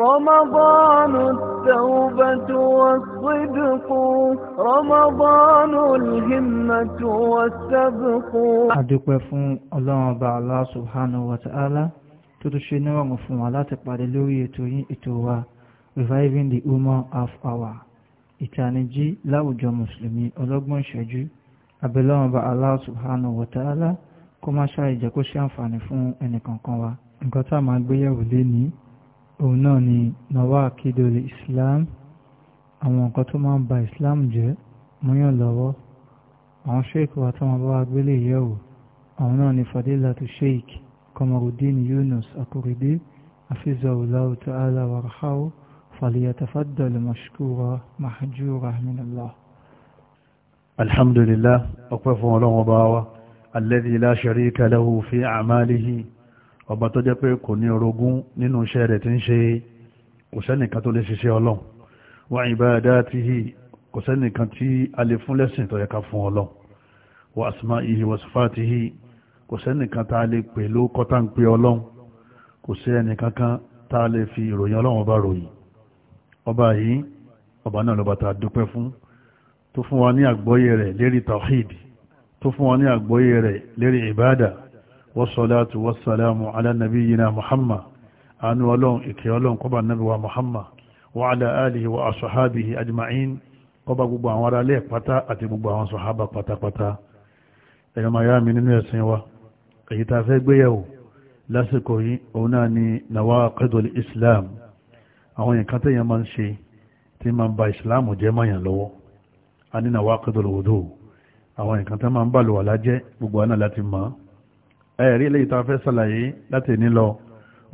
رمضان التوبة والصدق رمضان الهمة والسبق adúpẹ́ fún Ọlọ́run Ọba Allah subhanahu wa ta'ala tó tún ṣe nírọ̀rùn fún wa reviving the human half hour ìtànìjí láwùjọ mùsùlùmí ọlọ́gbọ̀n ìṣẹ́jú abẹ́lọ́run Ọba Allah subhanahu wa ta'ala kó má ṣàìjẹ́ kó ṣe àǹfààní fún ẹnìkankan wa nǹkan tá òun náà ni nawaqidul islam àwọn nǹkan tó máa ń ba islam jẹ́ múyàn lọ́wọ́ àwọn sheikh wa tó máa bá wa gbélé yẹ̀wò àwọn náà ni fadilatu sheikh Kamaruddin Yunus Akorede hafizahullahu ta'ala warhaw falyatafaddal mashkura mahjura minallah. alhamdulillah ọpẹ́ fún Ọlọ́run ọba wa alladhi la sharika lahu fi a'malihi ọba tó jẹ́ pé kò ní orogún nínú iṣẹ́ rẹ̀ tí ń ṣe kò sẹ́nìkan tó lè ṣiṣẹ́ ọlọ́run wa ibadatihi kò sẹ́nìkan tí a lè fún lẹ́sìn tó yẹ ká fún ọlọ́run wa asma'ihi wa sifatihi kò sẹ́nìkan tá a lè pè ló kọ́tà ń pè ọlọ́run kò sí ẹnìkan kan tá a lè fi ìròyìn ọlọ́run ọba ròyìn ọba yìí ọba náà lọ́ba tá a dúpẹ́ fún tó fún wa ní àgbọ́yé rẹ̀ lérí tawhid tó fún wa ní àgbọ́yé rẹ̀ lérí ìbádà wasalatu wasalamu ala nabiyina muhammad anu ọlọ́run ìkẹ́ ọlọ́run kọba nabiwa muhammad wa ala alihi wa asahabihi ajma'in kọba gbogbo àwọn ará lẹ́ẹ̀ pátá àti gbogbo àwọn sọ̀hábà pátápátá ẹ̀yọ́ ma yá mi nínú ẹ̀sìn wa èyí ta fẹ́ gbéyẹ̀wò lásìkò yìí òun náà ni nawaqidul islam islam àwọn ẹ̀rí ilé ìta fẹ́ sàlàyé láti ní lọ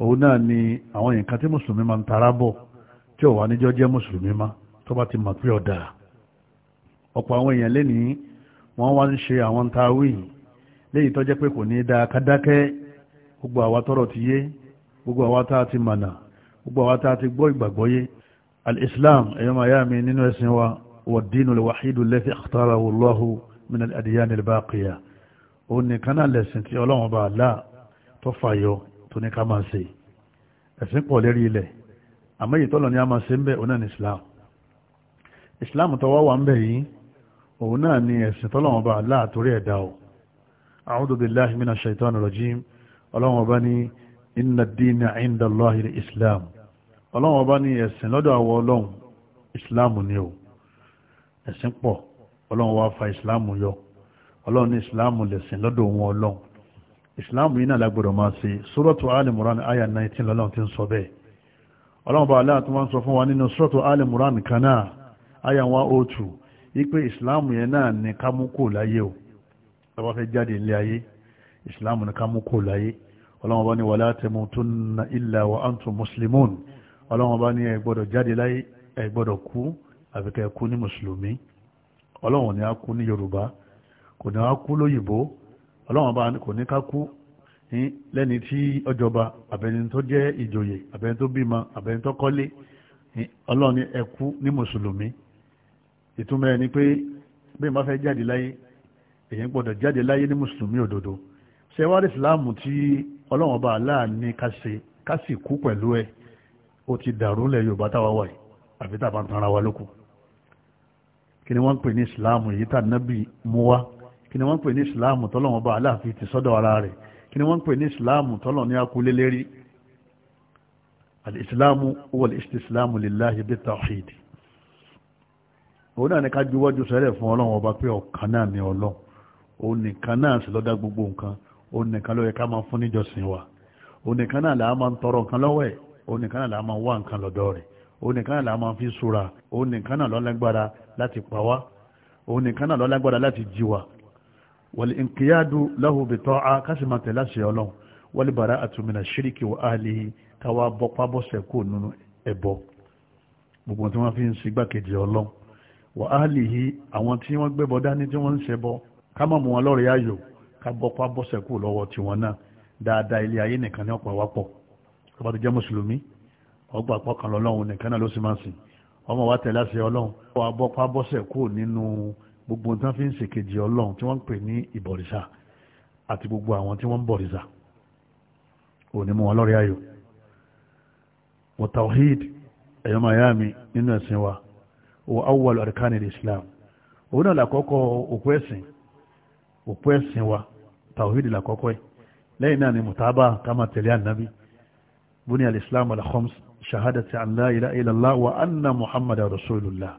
òun náà ni àwọn nǹkan tí mùsùlùmí máa ń tara bọ̀ tí ò wá níjọ́ jẹ́ mùsùlùmí má tó bá ti mọ̀ pé ọ̀dà ọ̀pọ̀ àwọn èèyàn lénìí wọ́n wá ń ṣe àwọn táwí léyìí tó jẹ́ pé kò ní dáa kádákẹ́ gbogbo àwa tọ́rọ̀ ti yé gbogbo àwa tá a ti mànà gbogbo àwa tá a ti gbọ́ ìgbàgbọ́ yé al ẹ̀yọ́ màá yá mi nínú ẹ̀sìn wa wad-dinu al-wahidu alladhi ikhtarahu Allahu òun nìkan náà lẹ̀sìn tí ọlọ́run bá là tó fàyọ tó ní ká máa ṣe ẹ̀sìn pọ̀ lérí ilẹ̀ àmọ́ èyí tọ́lọ̀ ní a máa ṣe ń bẹ̀ òun náà ní islam islam tó wá wà ń bẹ̀ yìí òun náà ní ẹ̀sìn tọ́lọ́run bá là torí ẹ̀dá o a'udhu billahi minash shaitani rajim ọlọ́run bá ní inna ad-dina 'inda islam ọlọ́run bá ní ẹ̀sìn lọ́dọ̀ àwọ ọlọ́run islam ni o ẹ̀sìn pọ̀ ọlọ́run wá fa islam yọ ọlọ́run ní ìsìláàmù lẹ̀sìn lọ́dọ̀ wọn ọlọ́run ìsìláàmù yìí náà lágbọ́dọ̀ máa ṣe sórọ́tù alimuran aya 19 lọ́lọ́run ti ń sọ bẹ́ẹ̀ ọlọ́run bá aláàtú wọn sọ fún wa nínú sórọ́tù alimuran kanáà aya 102 wípé ìsìláàmù yẹn náà ní kámúkò láyé o tọ́ba fẹ́ jáde ilé ayé ìsìláàmù ní kámúkò láyé ọlọ́run bá ní wàlá tamutunna illa wa antum muslimun ọlọ́run bá ní ẹ gbọ́dọ̀ jáde láyé ẹ gbọ́dọ̀ kú àfikẹ́ kú ní mùsùlùmí ọlọ́run ní á kú ní yorùbá kò ní wá kú lóyìnbó ọlọ́wọ́n bá kò ní ká kú lẹ́ni tí ọjọba àbẹni tó jẹ́ ìjòyè àbẹni tó bímọ àbẹni tó kọ́lé ọlọ́run ní ẹ kú ní mùsùlùmí ìtumọ̀ ẹni pé bí n bá fẹ́ jáde láyé èyí ń gbọ́dọ̀ jáde láyé ní mùsùlùmí òdodo ṣe wá rí ìsìláàmù tí ọlọ́run ọba aláàní kásì kásì kú pẹ̀lú ẹ ó ti dàrú lẹ̀ yorùbá táwa wà yìí àfi tá bá ń tanra wa lóko kí ni wọ́n ń pè ní ìsìláàmù èyí tá nábì mú wá kí ni wọ́n pè ní ìsìláàmù tọ́lọ̀ wọn bá aláàfin ti sọ́dọ̀ ara rẹ̀ kí ni wọ́n pè ní ìsìláàmù tọ́lọ̀ ní akúlé lérí alìsìláàmù wọlé ìsìláàmù lillahi bit tawhid òun náà ni ká juwọ́jú sẹ́lẹ̀ fún ọlọ́run ọba pé ọ̀kan náà ni ọlọ́run òun nìkan náà sì lọ́dá gbogbo nǹkan òun nìkan ló yẹ ká máa fún níjọsìn wa òun nìkan náà làá máa ń tọrọ nǹkan lọ́wọ́ ẹ̀ òun nìkan náà làá máa wá nǹkan lọ́dọ̀ rẹ̀ òun nìkan náà làá máa fi súra òun nìkan náà ló láti pa wá òun nìkan náà ló láti jí wa wàlì ìkìyàdù láhùn bìtọ́ a kásìmọ̀ tẹ̀lá sí ọlọ́run wọ́n lè bàrá àtúnmìnà ṣíríkì wà áàlì káwà bọ́pá bọ́sẹ̀ kò nínú ẹbọ gbogbo tí wọ́n fi ń sígbàkejì ọlọ́run wà áàlì yìí àwọn tí wọ́n gbẹ́bọ dání tí wọ́n ń ṣẹbọ ká wọn lọ́rẹ̀ẹ́ ayò ká bọ́pá bọ́sẹ̀ kò lọ́wọ́ tiwọn náà dáadáa ilé ayé nìkan ní ọ̀pọ̀ àwápọ̀ tó gbogbo tí wọ́n fi ń ṣèkejì ọlọ́run tí wọ́n ń pè ní ìbọ̀rìṣà àti gbogbo àwọn tí wọ́n ń bọ̀rìṣà òní mú wọn lọ́rẹ́ ayò wa tawhid ẹ̀yọ́ miami nínú ẹ̀sìn wa wa awwal arkan al-islam òun náà làkọ́kọ́ òpó ẹ̀sìn òpó ẹ̀sìn wa tawhid làkọ́kọ́ ẹ̀ lẹ́yìn náà ni mutaba kama tẹ̀lé ànábì buni al-islam al-khams ilaha illallah wa anna muhammadar rasulullah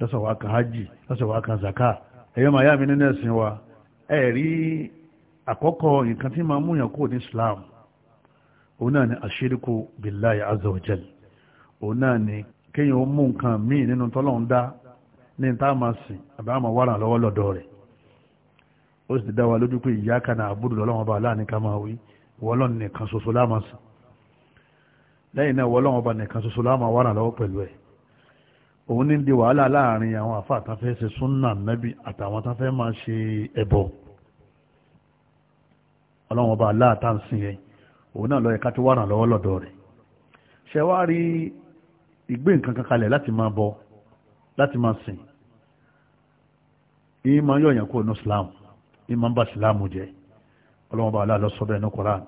lọ́sọ̀ wá kan hajj lọ́sọ̀ wá kan zaka ẹ̀yọ́ màá yá mi nínú ẹ̀sìn wa ẹ̀ àkọ́kọ́ nǹkan tí máa múyàn ní Islam òun náà ni àṣíríkù billahi azza ni ó mú nǹkan míì nínú dá ní ta sìn àbí wàrà lọ́wọ́ lọ́dọ̀ rẹ̀ ó sì dá wa lójú pé ìyá kan náà àbúrò lọ́wọ́ aláàní ká máa wí wọ́lọ́n nìkan ṣoṣo òun ní di wàhálà láàrin àwọn àfáà tán fẹ́ ṣe súnà nẹ́bí àtàwọn tán fẹ́ máa ṣe ẹbọ ọlọ́run ọba aláàtàǹsìn yẹn òun náà lọ́yẹ̀ká tó wàràn lọ́wọ́ lọ́dọ̀ rẹ̀ ṣe wá rí ìgbé nǹkan láti máa bọ láti máa sìn yìí máa Islam máa ń ba Islam jẹ́ ọlọ́run ọba aláà sọ bẹ́ẹ̀ ní Koran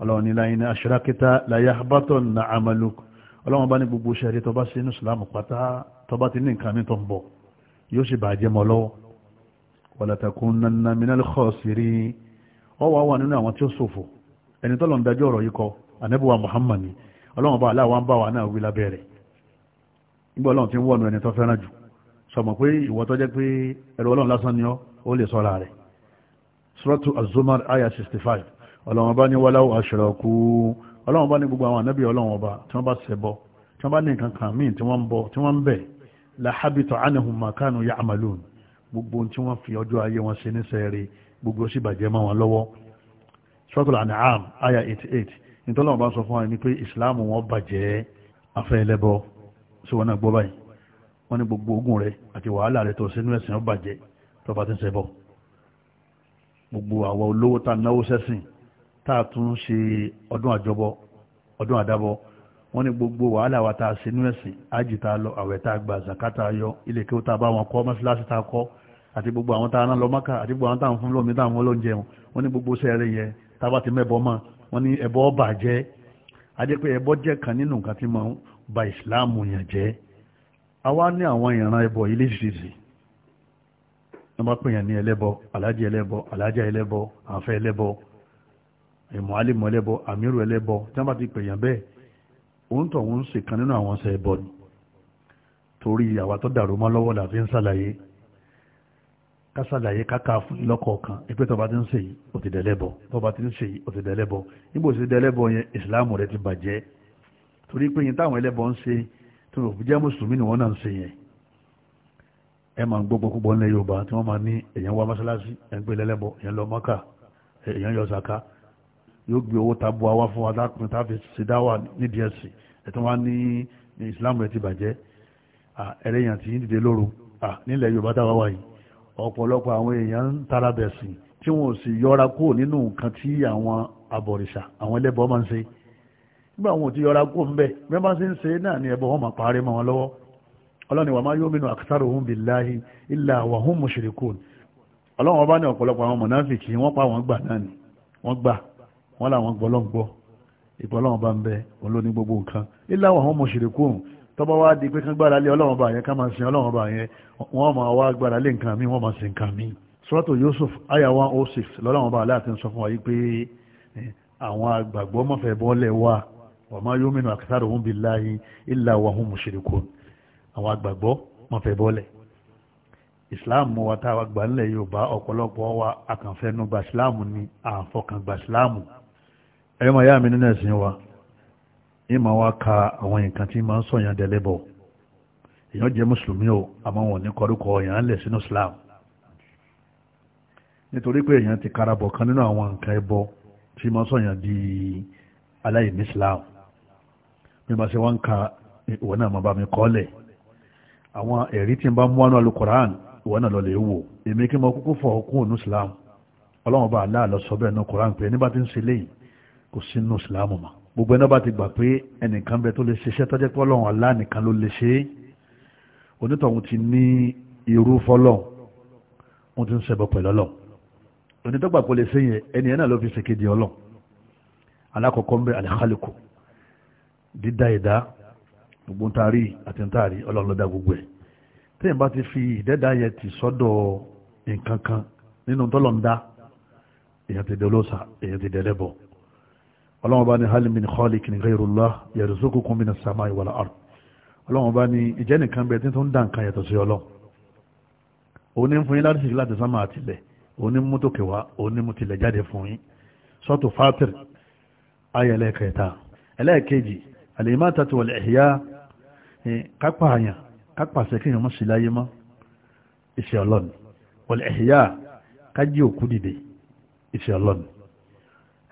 ọlọ́run ní láyé ní aṣọ́ra láyé gbogbo ṣẹ́rí tó bá tọba ti ní nǹkan mi tó ń bọ̀ yóò ṣe bàjẹ́ mọ́ lọ́wọ́ wala takunanna minal khasirin ọ wà wà nínú àwọn tí ó ṣòfò ẹni tọ́lọ̀ ń dájọ́ ọ̀rọ̀ yìí kọ ànẹ́bùwà Muhammad ni aláwa ń bá wa náà wí lábẹ́rẹ̀ nígbà ọlọ́run ti ń wọ̀nù ẹni tó fẹ́ràn jù sọmọ pé ìwọ tó jẹ́ pé ẹ̀rọ ọlọ́run lásán ni ó lè sọ́ra rẹ̀ suratu az aya 65 ọlọ́run bá ní walaw ashraku ọlọ́run bá ní gbogbo àwọn ànẹ́bì ọlọ́run ọba tí wọ́n bá ṣẹbọ tí wọ́n bá ní nǹkan kan míì tí wọ́n ń bọ tí wọ́n ń bẹ̀ lahabitọ̀ anahun makanu ya'malun gbogbo tí wọ́n fi ọjọ́ ayé wọn ṣe ní sẹ́ẹ̀rẹ̀ gbogbo sì bàjẹ́ mọ́ wọn lọ́wọ́ suratul an'am aya 88 nítorí wọn bá sọ fún wa ní pé ìsìláàmù wọn bàjẹ́ afẹ́ ẹlẹ́bọ sí wọn náà gbọ́ báyìí wọ́n ní gbogbo ogun rẹ̀ àti wàhálà rẹ̀ tó sínú ẹ̀sìn ọ bàjẹ́ tó bá ti ń ṣẹbọ gbogbo àwọn olówó tá náwó sẹ́sìn tá tún ṣe ọdún àjọbọ ọdún àdábọ wọ́n ní gbogbo wàhálà wa ta ṣe nínú ẹ̀sìn ájì ta lọ àwẹ̀ ta gba zakata yọ ilé kí ó ta bá wọn kọ́ mọ́síláṣí ta kọ́ àti gbogbo àwọn táwọn lọ mọ́kà àti gbogbo àwọn táwọn fún lómi táwọn fún lóúnjẹ wọn wọ́n ní gbogbo sẹ́ẹ̀rẹ̀ yẹn tábà ti mẹ́bọ mọ́ wọ́n ní ẹbọ bàjẹ́ adé pé ẹbọ jẹ́ kan nínú nǹkan tí mo ba ìsìláàmù yàn jẹ́ àwa ní àwọn ìran ẹbọ yìí léṣiṣi wọ́n bá òun tọ̀ wọ́n ń ṣe kan nínú àwọn ṣe ẹbọ ni torí àwa tó dàrú mọ́ lọ́wọ́ làfi ń ṣàlàyé ká ṣàlàyé káka fún lọ́kọ̀ọ̀kan ìpé tọba ti ń ṣe yìí ó ti dẹ̀lẹ́bọ tọba ti ń ṣe yìí ó ti dẹ̀lẹ́bọ nígbò sí dẹ̀lẹ́bọ yẹn ìsìláàmù rẹ ti bàjẹ́ torí pé yẹn táwọn ẹlẹ́bọ ń ṣe tó rò jẹ́ mùsùlùmí ni wọ́n náà ń ṣe yẹn ẹ máa ń gbogbo púpọ̀ nílẹ̀ Yorùbá tí wọ́n máa ní èèyàn wá mọ́ṣáláṣí ẹ̀ ń pè lẹ́lẹ́bọ èèyàn lọ mọ́kà èèyàn yọ sàká yóò gbé owó tabua wá fún wa lápin táfi ṣèdáwà nídìí ẹ̀sìn ẹ̀tún wá ní islam rẹ̀ ti bàjẹ́ ẹlẹ́yìn àti yíndìdé lóru nílẹ̀ yorùbá táwa wà yìí ọ̀pọ̀lọpọ̀ àwọn èèyàn ń tara bẹ̀ sìn tí wọ́n sì yọra kúrò nínú nǹkan tí àwọn abọ̀rìṣà àwọn ẹlẹ́bọ máa ń ṣe nígbà wọn ò ti yọra kúrò ńbẹ bí wọ́n bá ṣe ń ṣe náà ni ẹbọ wọn máa parí mọ́ wọn lọ́wọ́ ọlọ́ni wàá máa yóò mìíràn àkàtàrò òun billahi illa wa hum mushrikun ọlọ́run ọba ní ọ̀pọ̀lọpọ̀ àwọn mọ̀náfìkì wọ́n pa wọn gbà náà ni wọ́n gbà wọ́n làwọn gbọ́lọ́gbọ́ ìgbọ́lọ́wọ́n bá ń bẹ òun ló ní gbogbo nǹkan iláwọ̀ àwọn mọ̀ṣẹ̀lẹ̀kùn tọ́bọ̀ wá di pé kán gbára lé ọlọ́wọ́n bá yẹn ká máa sin ọlọ́wọ́n bá yẹn wọ́n máa wá gbára lé nǹkan mi wọ́n máa sin nǹkan mi suratu Yusuf aya 106 lọ́lọ́wọ́n bá aláàtí ń sọ fún wa yìí pé eh, àwọn àgbàgbọ́ mọ̀fẹ́ bọ́lẹ̀ wa wa ma yu'minu aktharuhum billahi illa wa hum mushrikun àwọn àgbàgbọ́ ẹ̀yọ́ máa yá mi nínú ẹ̀sìn wa ní ma wá ka àwọn nǹkan tí máa ń sọ̀yàn dẹ́lẹ́bọ̀ èèyàn jẹ́ mùsùlùmí o àmọ́ wọn ní kọ́rúkọ èèyàn lẹ̀ sínú Islam nítorí pé èèyàn ti karabọ̀ kan nínú àwọn nǹkan ẹbọ tí máa ń sọ̀yàn di aláìní Islam bí ma ṣe wá ń ka ìwọ náà máa bá mi kọ́ lẹ̀ àwọn ẹ̀rí tí ń bá mú wánú alukoran ìwọ náà lọ lè wò èmi kí mo kúkú fọ̀ ọkùn ònú Islam ọlọ́run bá aláàlọ́sọ bẹ́ẹ̀ nù koran pé nígbà tí ń ṣe léyìí kò sínú ìsìláàmù mọ́ gbogbo ẹni bá ti gbà pé ẹnìkan bẹ tó lè ṣiṣẹ́ tọ́jẹ́ pọ́lọ́hún Allah nìkan ló lè ṣe é onítọ̀hún ti ní irú fọ́lọ́hún wọ́n ti ń ṣẹbọ pẹ̀lú ọlọ́hún onítọ́gbà kò lè ṣe yẹn ẹni ẹ̀ náà ló fi ṣe kéde ọlọ́hún alákọ̀ọ́kọ́ ń bẹ al dídá ẹ̀dá gbogbo ń taari àti ń taari ọlọ́run ló gbogbo ẹ̀ téèyàn bá ti fi ìdẹ́dá yẹn ti sọ́dọ̀ nǹkan kan nínú tọ́lọ̀ èèyàn ti dẹ́ olóòṣà èèyàn ti dẹ́ lẹ́bọ̀ọ́ ọlọ́wọ́n bá ní halimin khalikin ghayrullah yarzuqukum minas samai wal ard ọlọ́wọ́n bá ní ìjẹ́ nìkan bẹ́ẹ̀ tí tó ń dà nǹkan yàtọ̀ sí ọlọ́ òun ní fún yín láti ṣìkì láti sánmà àtìlẹ̀ òun ní mú tó kẹwà òun ní mú tilẹ̀ jáde fún yín sọ́tù fatir ayé ẹlẹ́ẹ̀kẹta ẹlẹ́ẹ̀kejì al-imatatu wal ihya kápá àyàn kápá sẹ́kìyàn mọ́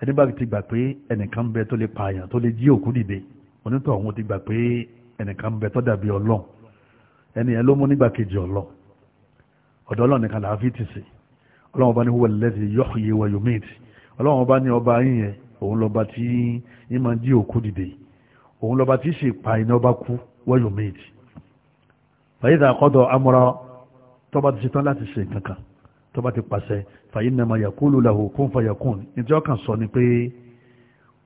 ẹni bá ti gbà pé ẹnìkan bẹ tó lè pààyàn tó lè jí òkú dìde onítọ̀ òun ti gbà pé ẹnìkan bẹ tó dàbí ọlọ́run ẹni ẹ ló mú nígbà kejì ọlọ́run ọ̀dọ̀ ọlọ́run nìkan làá fi ti sè ọlọ́run ọba ní huwa alladhi yuhyi wa yumiitu ọlọ́run ọba ní ọba yín yẹn òun lọ́ba tí yín máa jí òkú dìde òun lọ́ba tí ṣe pa iná ọba kú wa yumiitu fa amra tọ́ba ti ṣetán láti ṣe kankan tọ́ba fàyínàmà yàkúlù làwò kún fàyàkún nítorí ọkàn sọ ni pé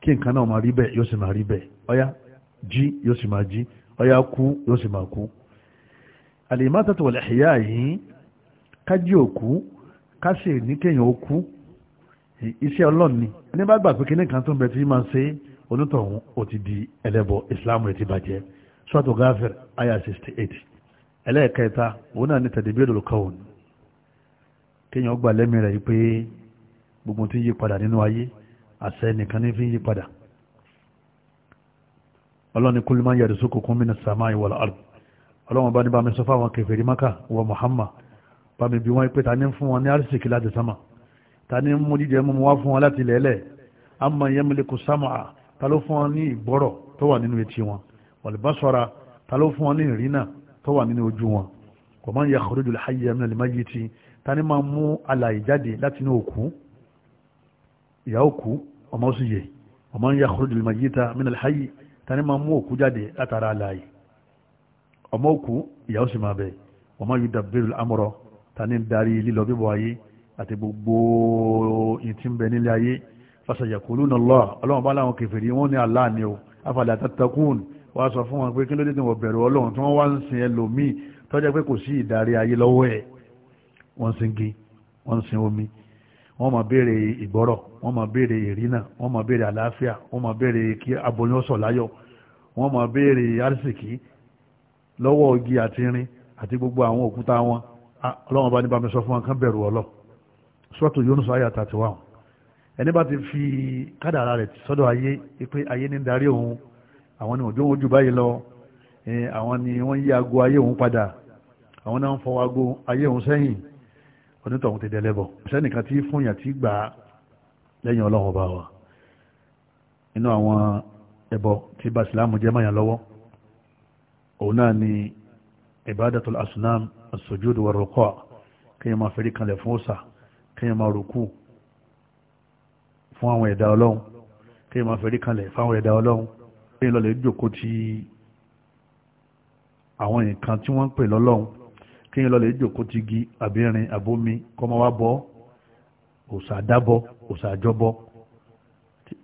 kí nǹkan náà máa rí bẹ́ẹ̀ yóò sì máa rí bẹ́ẹ̀ ọ̀yá jí yóò sì máa jí ọ̀yá kú yóò sì máa kú. al-imatatu wal yìí kájí òkú ká ní kéèyàn ó iṣẹ́ ọlọ́run ni ẹni bá gbà pé kí nìkan tó ń bẹ tí máa ṣe onítọ̀hún ó ti di ẹlẹ́bọ islam rẹ̀ ti bàjẹ́ Suratu Ghafir ayah sixty ẹlẹ́ẹ̀kẹta òun náà ní tẹ̀dẹ̀bí kéèyàn gbà lẹ́mí rẹ̀ pé gbogbo tí ń yí padà nínú ayé àṣẹ nìkan ní fi ń yí padà ọlọ́ni kúlù máa ń yàrá sókò kún mí ní sàmá ìwọ̀lá àrùn ọlọ́wọ́n bá ní bá mi sọ fáwọn kèfèrí maka wọ Muhammad bá mi bí wọ́n pé ta ní fún wọn ní arísìkí láti sámà ta ní mú jíjẹ mú wá fún wọn láti lẹ́lẹ̀ amma yamliku sam'a ta ló fún wọn ní ìgbọ́rọ̀ tó wà nínú etí wọn wal basara ta ló fún wọn ní ìrìnà tó wà nínú ojú wọn wa man yakhruju al-hayya min al-mayyiti ta ni máa mú alàyè jáde láti inú òkú ìyá òkú ọmọ ó sì yè ọmọ ń yàkúrò dìlìmọ̀ yìí ta mí nàlẹ́ ta ni máa mú òkú jáde látara alàyè ọmọ òkú ìyá ó sì máa bẹ̀ ọmọ yìí dàbẹ̀rù amọ̀rọ̀ ta ni darí lílọ bíbọ̀ ayé àti gbogbo ìtì ń bẹ nílé ayé fàṣàyàkúlù náà lọ ọlọ́run bá láwọn wọn ní Allah ni o afàlẹ́ àtàtàkùn wàá sọ fún wọn pé kí ló dé tí wọ́n bẹ̀rù ọlọ́run tí wọ́n wá ń sin ẹlòmíì tọ́jà pé kò sí ìdarí ayé lọ́wọ́ ẹ̀ wọ́n sin gi wọ́n sin omi wọ́n máa béèrè ìgbọ́rọ̀ wọ́n máa béèrè ìrìnà wọ́n máa béèrè àlàáfíà wọ́n máa béèrè kí aboyún ọ̀sọ̀ láyọ̀ wọ́n máa béèrè arísìkí lọ́wọ́ igi àti irin àti gbogbo àwọn òkúta wọn ọlọ́run bá ní bá mi sọ fún wọn kán bẹ̀rù ọlọ́ sọ́tò Yunus ayé àtàtì wa ẹni bá ti fi kádàrà rẹ̀ sọ́dọ̀ ayé pé ayé ní darí òun àwọn ni òjò wọn jù báyìí lọ eh, àwọn ni wọ́n yí aago ayé òun padà àwọn náà ń fọwọ́ aago ayé òun sẹ́yìn onítọ̀hún ti dẹlẹ́bọ̀ sẹ́nìkan tí fúnyàn ti gbà lẹ́yìn ọlọ́run ọba wa inú àwọn ẹbọ tí bá ìsìláàmù jẹ́ mọ́yàn lọ́wọ́ òun náà ni ibadatul asnam as-sujud wa ruku' kíyàn máa fẹ́rí kanlẹ̀ fún òsà kíyàn máa rùkú fún àwọn ẹ̀dá ọlọ́run kíyàn máa fẹ́rí kanlẹ̀ fáwọn ẹ̀dá ọlọ́run kíyàn lọ jókòó ti àwọn nǹkan tí wọ́n ń pè lọ́lọ́run kí n lọlẹ̀ ìjòkó ti gi àbírin àbómi kọmọ wa bọ́ òsàdábọ́ òsàjọ́bọ́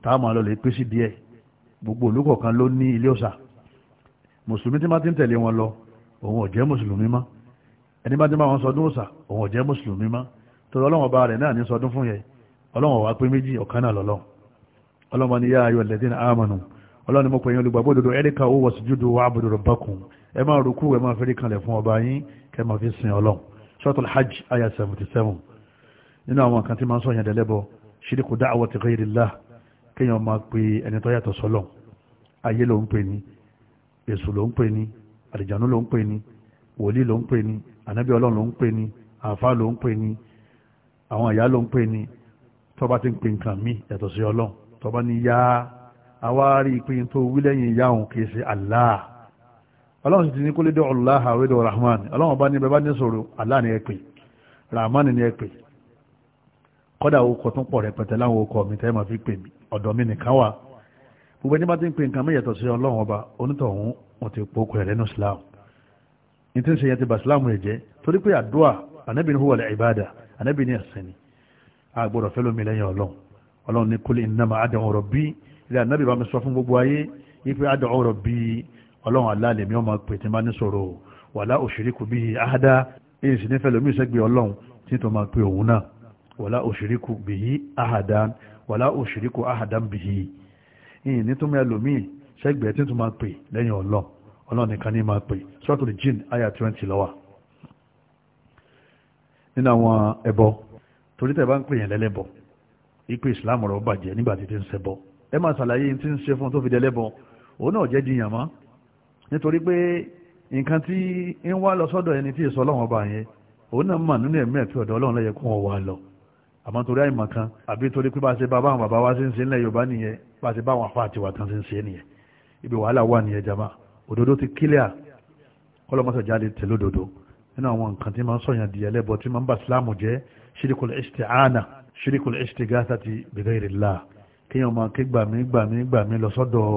táàmù àlọlẹ̀ pèsè díẹ̀ gbogbo olùkọ̀ọ̀kan ló ní ilé ọ̀sà mùsùlùmí tí máa ti ń tẹ̀lé wọn lọ òun ò jẹ́ mùsùlùmí mọ́ ẹni bá ti máa wọn sọdún ọ̀sà òun ò jẹ́ mùsùlùmí mọ́ torí ọlọ́run ọba rẹ̀ náà ní sọdún fún yẹn ọlọ́run wá pé méjì ọ̀kan náà lọ́lọ́ ọlọ́run ni yá ayọ̀ lẹ́dín àmánù ọlọ́run ni mo pè yín olùgbàgbọ́ ẹ̀ríkà owó wọ̀sùjúdù wà àbùdù bákùn ẹ máa rúkú ẹ máa fẹ́rí kanlẹ̀ fún ọba yín kẹmà fi sin ọlọ́run suratul hajj aya 77 nínú àwọn kan tí ma ń sọ ìyàndẹ̀ lẹ́bọ̀ ṣíríkù da'wati ghayrillah kéèyàn máa pe ẹni tó yàtọ̀ sọ́lọ̀ ayé ló ń pè ní èṣù ló ń pè ní àlìjànú ló ń pè ní wòlíì ló ń pè ní ànábì ọlọ́run ló ń pè ní àfá ló ń pè ní àwọn ìyá ló ń pè ní tó bá ti ń pè nǹkan mí yàtọ̀ sí ọlọ́run tó bá ní yá awárí ìpín tó wí lẹ́yìn ìyá òun kìí ṣe Allah ọlọ́run ti ní kó lè dé ọ̀láha orí dọ̀ rahman ọlọ́run bá ní bẹ bá ní sọ̀rọ̀ aláà ní ẹ̀pẹ̀ rahman ní ẹ̀pẹ̀ kọ́dà okọ̀ tó pọ̀ rẹpẹtẹ láwọn okọ̀ mi tẹ́ ma fi pè mí ọ̀dọ̀ mi nìkan wà gbogbo ẹni bá ti ń pè nǹkan mẹ́yẹ̀tọ̀ sí ọlọ́run ọba onítọ̀hún wọn ti pokò rẹ̀ lẹ́nu islam ní tí ń ṣe yẹn ti bà islam rẹ̀ jẹ́ torí pé àdúà anábì ní huwàlẹ̀ ìbádà anábì ni a gbọ́dọ̀ fẹ́ lómi lẹ́yìn ọlọ́run ọlọ́run ní kul innama ad'u rabbi ilẹ̀ anábì bá mi sọ fún gbogbo ayé yí pé ad'u rabbi ọlọ́run aláàlẹ̀ mi ọmọ pè tí bá ní sọ̀rọ̀ wàlá òṣìríkù bí i àádá èyí sì nífẹ̀ẹ́ lómi ìṣẹ́gbẹ̀ ọlọ́run tí tó máa pè òun náà wàlá òṣìríkù bí i àádá wàlá òṣìríkù àádá bí i ìyìn ní ṣàlàyé tí ń ṣe fún tó fi dẹ́lẹ́bọ òun náà jẹ́ jiyàn mọ́ nítorí pé nǹkan tí ń wá lọ sọ́dọ̀ ẹni tí èso ọlọ́run ọba yẹn òun náà mọ̀ nínú ẹ̀mí ẹ̀fí ọ̀dọ̀ ọlọ́run lẹ́yẹ kó wọn wá lọ àmọ́ torí àìmọ̀ kan àbí torí pé bá ṣe bá báwọn bàbá wa ṣe ń ṣe ńlẹ̀ Yorùbá nìyẹn bá ṣe báwọn afá àtiwà kan ṣe ń ṣe nìyẹn ibi wàhálà wà nìyẹn jama òdodo ti kílíà kọlọmọsọ jáde tẹlódodo nínú àwọn nǹkan tí máa ń sọyàn di ẹlẹ́bọ tí máa ń bà síláàmù jẹ́ ṣíríkùlù ìṣtìánà ṣíríkùlù ìṣtìgáṣà ti bìgẹ́ ìrìlá kéèyàn máa ké gbàmí gbàmí gbàmí lọ sọ́dọ̀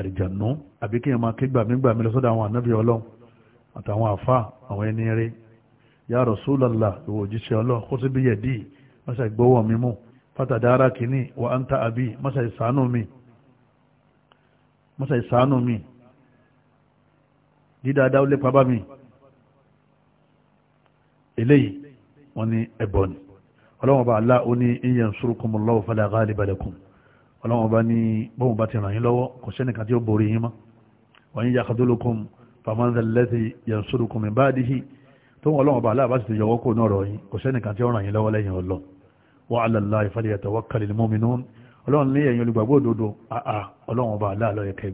àlìjànú àbí kí èèyàn máa ké gbàmí gbàmí lọ sọ́dọ̀ àwọn ànábì ọlọ́run àtàwọn àfa àwọn ẹni eré ya Rasulallah ìwò òjíṣẹ́ ọlọ́run kó síbi yẹ̀dí mọ́ṣá ìgbọ́wọ́ mi mú fátàdá ara kìíní wa anta àbí mọ́ṣá ìsànú mi mọ́ṣá ìsànú mi dídáadáa ó lépa bá mi eléyìí wọ́n ní ẹ̀bọ̀ ni ọlọ́run ọba Allah ó ní in yansurukumullahu fala ghaliba lakum ọlọ́run ọba ní bóun bá ti ràn yín lọ́wọ́ kò sẹ́nìkan tí ó borí yín mọ́ wọ́n yín yakadolokum famanzalẹ́sì yansurukum ibadihi tó wọn ọlọ́run ọba aláàbá sì ti yọwọ́ kó náà rọ̀ yín kò sẹ́nìkan tí ó ràn yín lọ́wọ́ lẹ́yìn ọlọ́ wa ala Allahi falyatawakkalil mu'minun ọlọ́run ní ẹ̀yin olùgbàgbọ́ òdodo àà ọlọ́run ọba aláàlọ́ ẹ̀kẹ́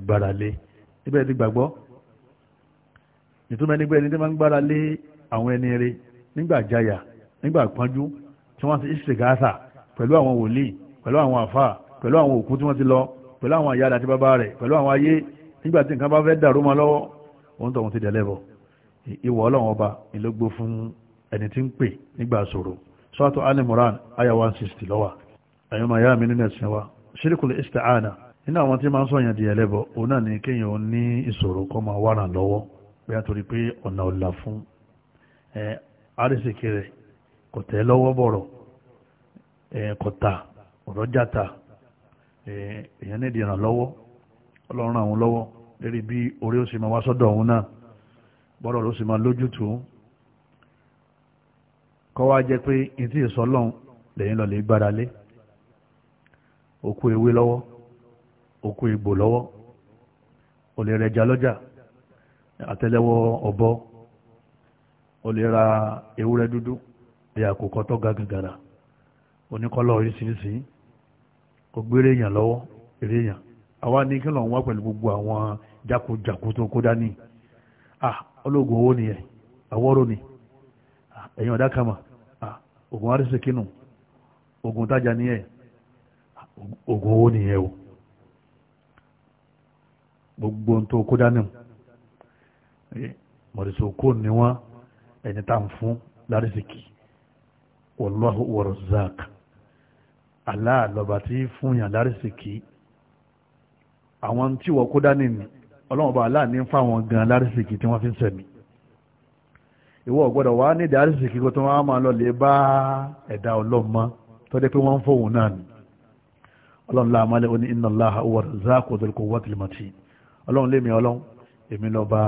gbára pẹ̀lú àwọn òkú tí wọ́n ti lọ pẹ̀lú àwọn àyà àti bàbá rẹ̀ pẹ̀lú àwọn ayé nígbà tí nǹkan bá fẹ́ dàrú mọ́ lọ́wọ́ òun tọ̀hún ti dẹ̀lẹ́bọ̀ ìwọ ọlọ́run ọba ìlógbó fún ẹni tí ń pè nígbà ṣòro sọ́tọ̀ alimoran aya 160 lọ́wà ẹ̀yọ́ màá yá mi nínú ẹ̀sìn wa ṣírìkùlù isti'ana nínú àwọn tí máa ń sọ̀yàn di òun náà ni kéèyàn ó ní ìṣòro kó máa wà ràn lọ́wọ́ bí a torí pé ọ̀nà ọ̀la fún ẹ àrísìkí rẹ̀ kò tẹ́ lọ́wọ́ bọ̀rọ̀ ẹ kọ̀tà ọ̀rọ̀ jàtà èèyàn nídìí lọ́wọ́ ọlọ́run àwọn lọ́wọ́ lérí bí orí ó sì máa wá sọ́dọ̀ òun náà bọ́rọ̀ ló sì máa lójútù kọ́ wá jẹ́ pé ìtì ìsọlọ́run lẹ́yìn lọ́lẹ́ gbára lé òkú ewé lọ́wọ́ òkú egbò lọ́wọ́ lọ́jà kò gbére èèyàn lọ́wọ́ èrè èèyàn àwa ní kí lọ́n gbogbo àwọn jákujàku tó kó dání ah owó nìyẹn àwọ́rò ni ẹ̀yìn ọ̀dá kama ogun arísìkínú ogun tájà nìyẹn ogun owó nìyẹn o gbogbo tó kó dání mọ̀rìsókò ni wọ́n ẹni tá ń fún Allah lọ́ba tí fún yàn lárísìkí àwọn tí wọ́n kó dání ni ọlọ́run bá Allah ní fáwọn gan lárísìkí tí wọ́n fi ń sẹ̀mí ìwọ ọ̀gbọ́dọ̀ wá ní ìdárísìkí kó tó wá máa lọ lè bá ẹ̀dá ọlọ́mọ tó dé pé wọ́n ń fóun náà ni ọlọ́run láàmálẹ̀ ó ní inna Allaha huwa razzaqu dhul quwwatil matin ọlọ́run lémi ọlọ́run èmi lọ́ba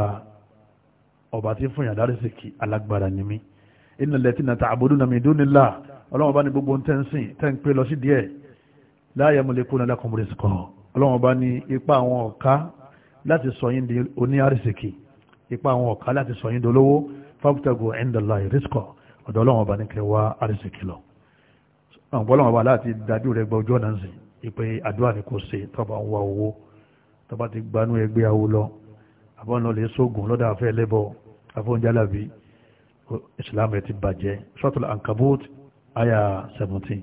ọba tí fún yàn lárísìkí alágbára ni mí innal latina ta'buduna min dunillah ọlọ́run bá ní gbogbo ń tẹ́ǹsìn tẹ́ǹ pé lọ sí díẹ̀ láàyè mo lè kó nílẹ̀ kọ́mọdé sí kan ọlọ́run bá ní ipa àwọn ọ̀ká láti sọ yín di oní àrísìkì ipa àwọn ọ̀ká láti sọ yín dolówó fábùtàgò ẹ̀ńdàlá ìrísìkọ̀ ọ̀dọ̀ ọlọ́run bá ní kẹ́ wá àrísìkì lọ. àwọn ọlọ́run bá láti dájú rẹ gbọ́ ojú ọ̀nà ńsìn ti bàjẹ́ sọ́tùlù ankabut àyà 17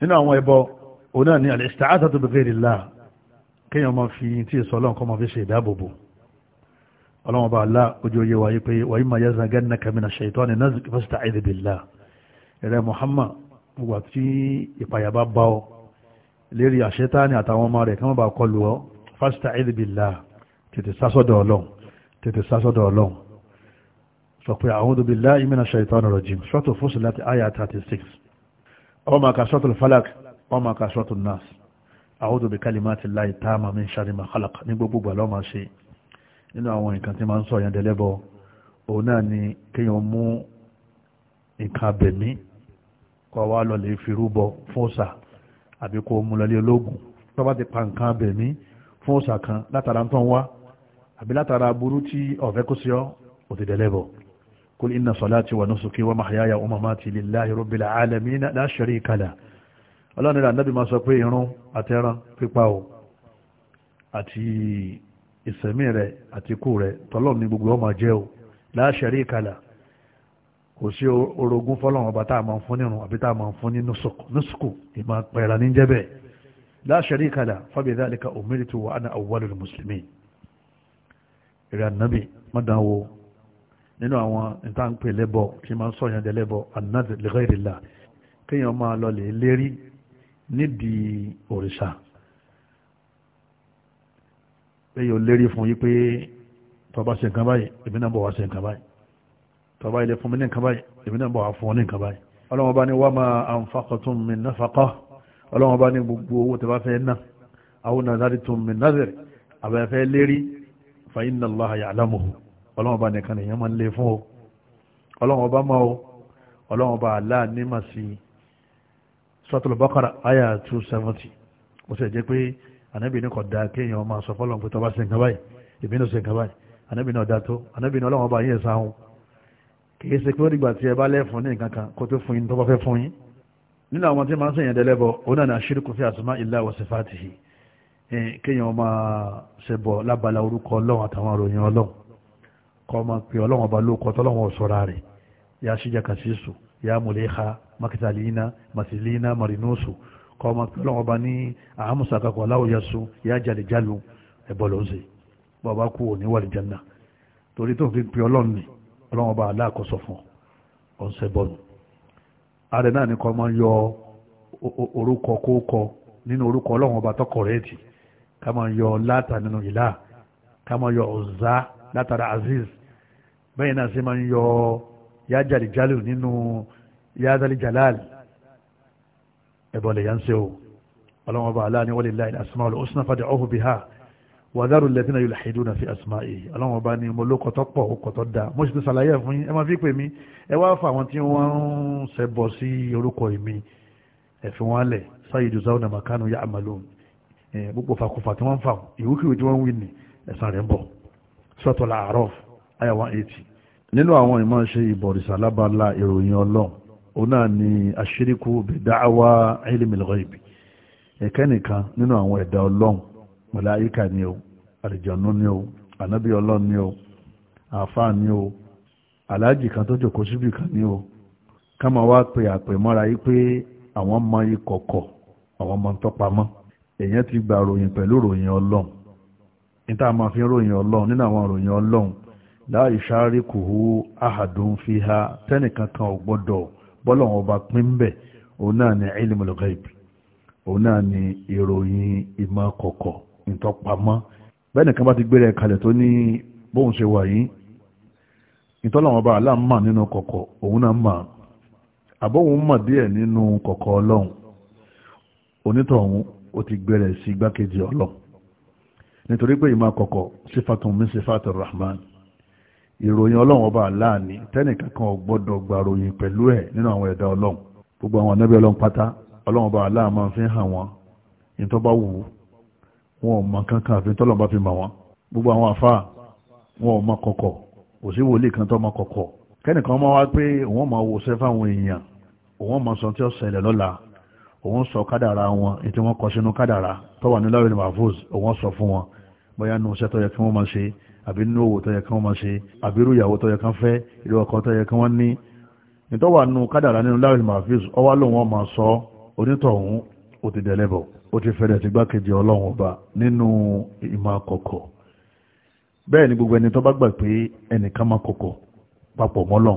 nínú àwọn ẹbọ òun náà ni al-ista'adhatu bi ghayrillah kéèyàn máa fi tí èso ọlọ́run kọ́ máa fi ṣe ìdáàbòbò ọlọ́run bá lá ojú oyé wáyé pé wa imma yazaghannaka mina shaytani nazghun fasta'idh billah ẹ̀rẹ́ Muhammad gbogbo àti ìpayà bá bá ọ lérí àṣetáni àtàwọn ọmọ rẹ̀ kí wọ́n bá kọlu ọ fasta'idh billah tètè sásọ́dọ̀ ọlọ́run tètè sásọ́dọ̀ ọlọ́run sọ pé a'udhu billahi minash shaitanir rajim suratul Fussilat àyà 36 ó máa ka suratul Falaq ó máa ka suratul Nas a'udhu bi kalimatillahi tammati min sharri ma khalaq ní gbogbo gbàlọ́ máa ṣe nínú àwọn nǹkan tí máa ń sọ yẹn dẹ́lẹ́bọ̀ òun náà ni kéèyàn mú nǹkan abẹ̀mí kọ́ wá lọ lè fi fún ọ̀sà àbí kó mú lọ ológun tó bá ti pa nǹkan abẹ̀mí fún ọ̀sà kan látara tó ń wá àbí látara burú tí ọ̀fẹ́ kó sí ọ́ òtìdẹ́lẹ́bọ̀ قل إن صلاتي ونسكي ومحياي ومماتي لله رب العالمين لا شريك له ọlọ́run nílà nábì máa sọ pé irun àtẹran pípa أتي àti ìsẹ̀mí rẹ̀ àti ikú rẹ̀ tọ́lọ́run ní gbogbo ọmọ jẹ́ o la sharika la kò sí orogún fọ́lọ́run ọba tá a máa ń fún nírun àbí tá a máa ń fún ní nùsùkù ìmọ̀ pẹ̀lá ní jẹ́ bẹ́ẹ̀ la sharika la fabi dhalika umirtu wa ana awwalul muslimin ìrìn nínú àwọn ìtànpè lẹ́bọ̀ tí máa ń sọ yẹn dẹ́lẹ́bọ̀ anáàdì lẹ́gẹ́rìlá kéèyàn máa lọ lè lérí nídìí òrìṣà péye ò lérí fún yí pé tọba ṣe nǹkan báyìí èmi náà bọ̀ wá ṣe nǹkan báyìí tọba ilé fún mi ní nǹkan báyìí èmi náà bọ̀ wá fún ọ ní nǹkan báyìí ọlọ́wọ́n bá ní wá máa anfaqtum min nafaqa ọlọ́wọ́n bá ní gbogbo owó tẹ bá fẹ́ ná àwọn nazaritum min nazir àbẹ̀fẹ́ lérí fa inna Allaha ya'lamuhu ọlọ́run ọba nìkan nìyẹn máa ń lé fún o ọlọ́run ọba máa o ọlọ́run ọba Allah sí suratul Baqara àyà two seventy ó sì jẹ́ pé ànábì ní kò dáa kéèyàn máa sọ fọlọ́n pé tọ́ba ṣe nǹkan báyìí ìbínú ṣe nǹkan báyìí ànábì náà dáa tó ànábì náà ọlọ́run ọba yẹn sáhùn kìí ṣe pé ó dìgbà tí ẹ bá lẹ́fún ní nǹkan kan kó tó fún yín tó bá fẹ́ fún yín nínú àwọn tí máa ń sèyàn dẹlẹ́bọ òun náà ní àṣírìkù fi àsùnmá ìlà wọ̀sífàtìhì kéèyàn máa ṣẹbọ lábala orúkọ ọlọ́run àtàwọn àròyìn ọlọ́run kọ́ ma pè ọlọ́wọ́n ba ló kọ́ tọ́lọ́wọ́n sọ́ra rẹ̀ yá ṣíjà kàṣíṣù yá mùlẹ́ha makitalina masilina marinusu kọ́ ma pè ọlọ́wọ́n ba ní ahamusa kakọ̀ aláwòye sun yá jalijalu ẹ̀bọ̀ ló ń ṣe bàbá kú òní wà lìjánná torí tó fi pè ọlọ́run ni ọlọ́wọ́n ba aláàkọ́sọ fún ọ̀sẹ̀ bọ́ọ̀lù ààrẹ náà ni kọ́ ma yọ orúkọ kókọ nínú orúkọ ọlọ́wọ́n ọba tọkọ rẹ̀ tì ká ma yọ láta nínú ìlà ká ma yọ ọ̀zá látara aziz bẹ́yìn náà ṣe máa ń yọ yájàlì jálù nínú yájàlì jàláàlì ẹ̀bọ̀lẹ̀ yà ń ṣe o ọlọ́wọ́n bá aláàní wọ́n lè láì asma ọ̀lọ́ òsínà fàdé ọ̀hún bí ha wà dárò lẹ́tí náà yóò láì dúnà sí asma èyí ọlọ́wọ́n bá ní mo ló kọ́tọ́ pọ̀ ó kọ́tọ́ dá mo sì ti ṣàlàyé fún yín ẹ máa fi pè mí ẹ wá fà àwọn tí wọ́n ń ṣẹbọ sí orúkọ èmi ẹ̀fin wọn lẹ̀ sáyé jùzá ọ̀nà màkánu yá àmàlò gbogbo fàkùfà tí wọ́n ń fà ìwúkìwì tí wọ́n ń wí ẹ̀sán rẹ̀ ń bọ̀ sọ́tọ̀ làárọ̀ àyà 180 nínú àwọn ìmọ̀ ṣe ìbọ̀rìṣà lábala ìròyìn ọlọ́run náà ni ẹ̀kẹ́ nìkan nínú àwọn ẹ̀dá ọlọ́run màláíkà ni o ni o ànábì ọlọ́run ni o àáfàá ni o aláàjì kan tó jòkó síbì kan ni o wá pe àpè mọ́ra pé àwọn mọ àwọn mọ èèyàn ti gba ròyìn pẹ̀lú ròyìn ọlọ́run laa sáré kò hó fi ha teni kankan ò gbọ́dọ̀ bọ́lọ̀wọ́n ọba pín bẹ̀ òun náà ni ilmul ghaib òun náà ni ìròyìn ìmọ̀ kọ̀kọ̀ ìtọ́pamọ́ bẹ́ẹ̀ nìkan bá ti gbé rẹ̀ kalẹ̀ tó ní bóun ṣe wà n'inu ìtọ́lọ̀wọ́n bá aláàmà nínú kọ̀kọ̀ òun náà mà àbóhun mà díẹ̀ nínú kọ̀kọ̀ ọlọ́run onítọ̀hún ó ti gbẹ̀rẹ̀ sí igbákejì ọlọ́run nítorí rahman ìròyìn ọlọ́run ọba láàní tẹ́nìkan kan ò gbọ́dọ̀ gba ròyìn pẹ̀lú ẹ̀ nínú àwọn ẹ̀dá ọlọ́run gbogbo àwọn ànábì ọlọ́run pátá ọlọ́run ọba aláà máa fi hàn wọ́n ní tó bá wù wọn ò mọ kankan àfi tọ́lọ́run bá fi mọ̀ wọ́n gbogbo àwọn àfáà wọn ò mọ kọ̀kọ̀ kò sí wòlíì kan tó mọ kọ̀kọ̀ kẹ́nìkan máa wá pé òun máa wò sẹ́ fáwọn èèyàn òun máa sọ tí ó ṣẹlẹ̀ lọ́la òun sọ kádàrà wọn ètí wọn kọ sínú kádàrà tó wà nílọ́rin mahfuz òun sọ fún wọn bóyá nu iṣẹ́ tó yẹ kí wọ́n máa ṣe àbí inú owó tọ́yẹ kan máa ṣe àbí irú ìyàwó tọ́yẹ kan fẹ́ irú ọkọ tọ́yẹ kan wọ́n ní nítọ́wà nù kádàrá nínú láàrin mahfiz ọwá lòun ọmọ sọ onítọ̀hún ó ti dẹ̀lẹ́bọ̀ ó ti fẹ́rẹ̀ ti gbákejì ọlọ́run ọba nínú ìmọ̀ àkọ́kọ́ bẹ́ẹ̀ ni gbogbo ẹni tó bá gbà pé ẹnìkan máa kọ̀kọ̀ papọ̀ mọ́lọ̀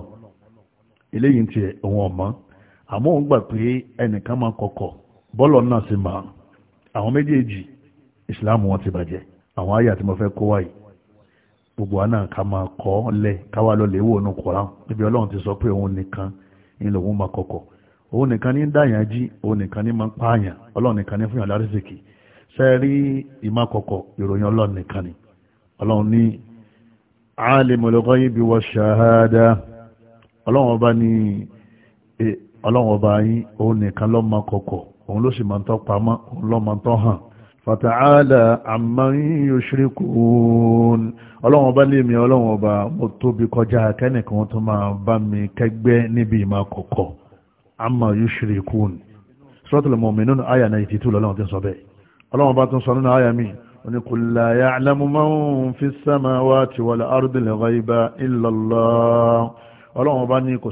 eléyìí ti òun ọ̀mọ́ àmọ́ òun gbà pé ẹnìkan máa kọ̀kọ̀ bọ́lọ̀ náà sì máa àwọn méjèèjì ìsìláàmù wọn ti bàjẹ́ àwọn àyà tí mo kó wáyìí gbogbo àná ká máa kọ́ lẹ̀ káwá lọ lè koran ọlọ́run ti sọ pé òun nìkan ní lòun máa kọ̀kọ̀ òun nìkan ní dáyàn òun nìkan ní máa pààyàn ọlọ́run nìkan ní fúnyàn lárísìkì sẹ́ẹ̀rí ìmákọ̀kọ̀ ìròyìn ọlọ́run ni ọlọ́run ní alimul ghaibi wa shahada ọlọ́run ọba ní ọlọ́run ọba fàtàálà àmà yushrikun ọlọ́wọ́n bá lè mi ọlọ́wọ́n bá mo tóbi kọjá kẹ́nìkan tó máa bá mi kẹgbẹ́ níbi ìmá kọ̀kọ̀ àmà yushrikun suratul mu'minun àyà 92 lọ́lọ́wọ́n ti sọ bẹ́ẹ̀ ọlọ́wọ́n bá tún sọ nínú àyà mi oní kul fi samawati wal ardi al-ghayba illa ọlọ́wọ́n bá ní kò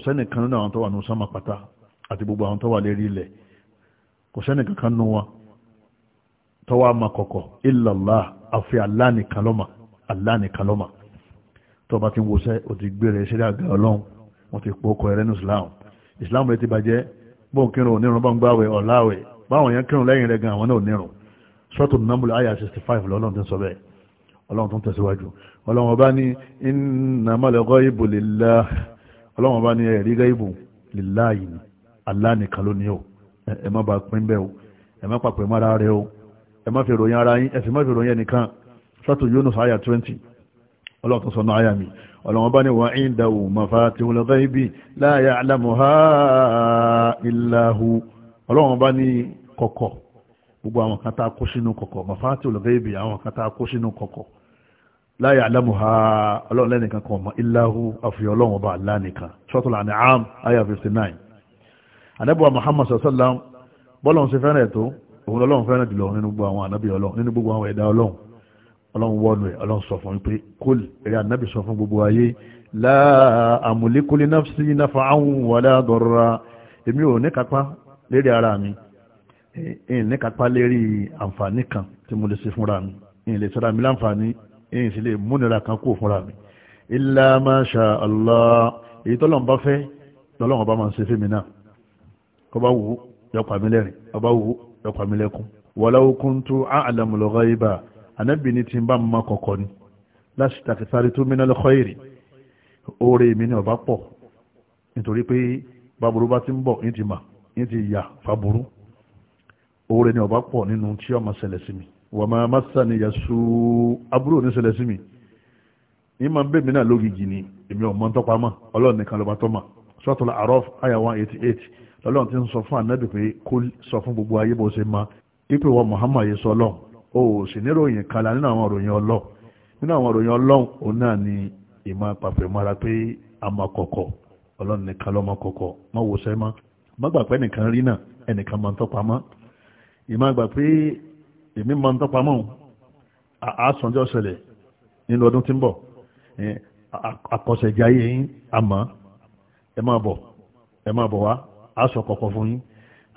tọwọ́ àmà kọ̀kọ̀ illallah àfi Allah nìkan lọ́mà Allah nìkan lọ́mà tó bá ti ń wòṣẹ́ o ti gbére ṣẹ́dá àga ọlọ́run wọ́n ti pọ̀ ọkọ̀ ẹ̀rẹ́nu islam islam rẹ ti bàjẹ́ bóun onírun bá ń gbáwẹ̀ ọ̀láwẹ̀ báwọn yẹn kírun lẹ́yìn rẹ̀ gan àwọn náà onírun sọ́tò nàmúlò àyà 65 lọ́lọ́run ti ń sọ bẹ́ẹ̀ ọlọ́run tó ń tẹ̀síwájú ọlọ́run ọba ní innamal ẹ má fi ròyìn ara yín ẹ sì má fi ròyìn ẹnìkan sọ́tù Yunus àyà 20 ọlọ́tún sọ́nà àyà mi ọlọ́wọ́n bá ní wa indahu mafatihul ghaibi la ya'lamuha illa hu ọlọ́wọ́n bá ní kọ̀kọ̀ gbogbo àwọn kan tá a kó sínú kọ̀kọ̀ mafatihul ọlọ́wọ́n bá lánìkan suratul òun lọ́lọ́run fẹ́ràn jùlọ nínú gbogbo àwọn ànábì ọlọ́run nínú gbogbo àwọn ẹ̀dá ọlọ́run ọlọ́run wọ́nu ẹ̀ ọlọ́run sọ fún pé kul eré ànábì sọ fún gbogbo ayé la amliku li nafsi naf'an wala darra èmi ò ní kápá lérí ara mi ìyìn ní kápá lérí àǹfààní kan tí mo lè ṣe fúnra mi ìyìn lè sọ́ra mi láǹfààní ìyìn sì lè múnira kan kó fúnra mi illa ma sha Allah èyí tọ́lọ́run bá fẹ́ tọ́lọ́run bá máa ṣe fẹ́mi mi lẹ́rìn ọba wù ú lọ́pàá mi lẹ́kún walau kuntu a'lamul ghaiba anábì ní ti bá mọ́ kọ̀kọ́ ni láti tàkìtàrí tó minal khairi oore mi ní ọba pọ̀ nítorí pé bàbúrú bá ti ń bọ̀ ní ti mà ní ti yà fàbúrú oore ní ọba pọ̀ nínú tí ọmọ ṣẹlẹ̀ sí mi wà máa má sàní yasú abúrò ní ṣẹlẹ̀ sí mi ní máa ń bẹ̀ mí náà lógìgì ni èmi ò mọ́ tọ́pamọ́ ọlọ́run nìkan lọ́ba tọ́ mà suratul A'raf àyà 188 lọ́lọ́run ti ń sọ fún ànábì pé kó sọ fún gbogbo ayé bó ṣe ma ipe wọ Muhammad yìí sọ ọlọ́run o ò sì níròyìn kala nínú àwọn òròyìn ọlọ́run nínú àwọn òròyìn ọlọ́run òun náà ni ìmọ̀ pàpẹ́ mara pé a máa kọ̀kọ̀ ọlọ́run nìkan ló máa kọ̀kọ̀ má wo sẹ́ má má gbà pé ẹnìkan rí náà ẹnìkan máa ń tọ́pamọ́ ìmọ̀ gbà pé èmi máa ń tọ́pamọ́ àásọ̀njọ́ ṣẹlẹ̀ nínú ọdún tí ń bọ̀ àkọsẹ̀jáyé yín àmọ́ ẹ máa bọ̀ ẹ máa bọ̀ wá aṣọ kọ̀kọ̀ fún yín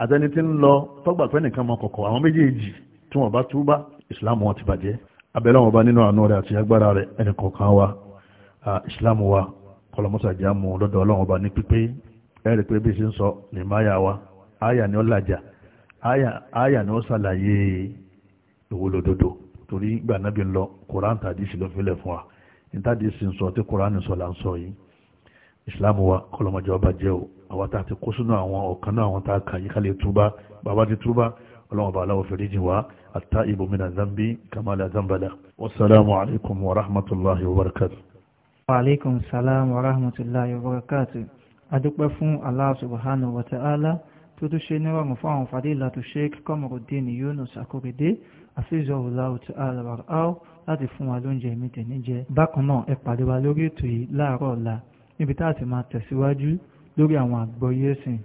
àtẹni tí ń lọ tọ́gbà pẹ́ nìkan mọ kọ̀kọ̀ àwọn méjèèjì tí wọ́n bá túbá ìsìláàmù wọn ti bàjẹ́ abẹ́lẹ́ wọn bá nínú àánú rẹ̀ àti agbára rẹ̀ ẹnì kọ̀ọ̀kan wa ìsìláàmù wa kọlọmọ́sà já mu lọ́dọ̀ ọlọ́run ọba ní pípé ẹ̀rì pé bí ṣe ń sọ ní máyà wa áyà ni ó làjà áyà ni ó ṣàlàyé ìwòlódodo torí gbà náà bí ń lọ kóráǹtà àdìsí ló fi lẹ̀ fún wa ní tàdísí ń sọ tí kóráǹtì sọ là ń sọ yìí islam wa kọlọmọjọ ọba jẹ́ o àwọn tá a ti kó sínú àwọn ọ̀kan náà àwọn tá a kà yí ká lè túbá bàbá ti túbá ọlọ́wọ́n bá aláwọ̀ fèrè jìn wá at-taibu mina zambi kamala zambala wasalaamu alaykum wa rahmatulahi wa barakatu. wa aleykum salaam wa rahmatulahi wa barakatu. adúpẹ́ fún allah subhanahu wa ta'ala tó tún ṣe nírọ̀rùn fún àwọn fadilatu sheikh Qamaruddin Yunus Akorede àfihàn ta'ala wa ra'aw láti fún wa lóúnjẹ mi níjẹ. bákan náà ẹ pàdé wa lórí ètò yìí láàárọ̀ ọ̀la níbi tá ti máa tẹ̀síwájú lórí àwọn àgbọ́yé ẹ̀sìn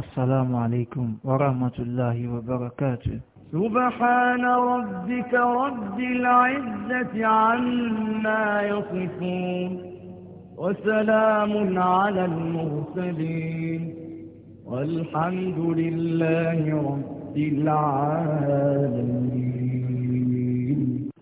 assalamu alaikum wa rahmatullahi wa barakatu barakatuh. سبحان ربك رب العزة عما يصفون وسلام على المرسلين والحمد لله رب العالمين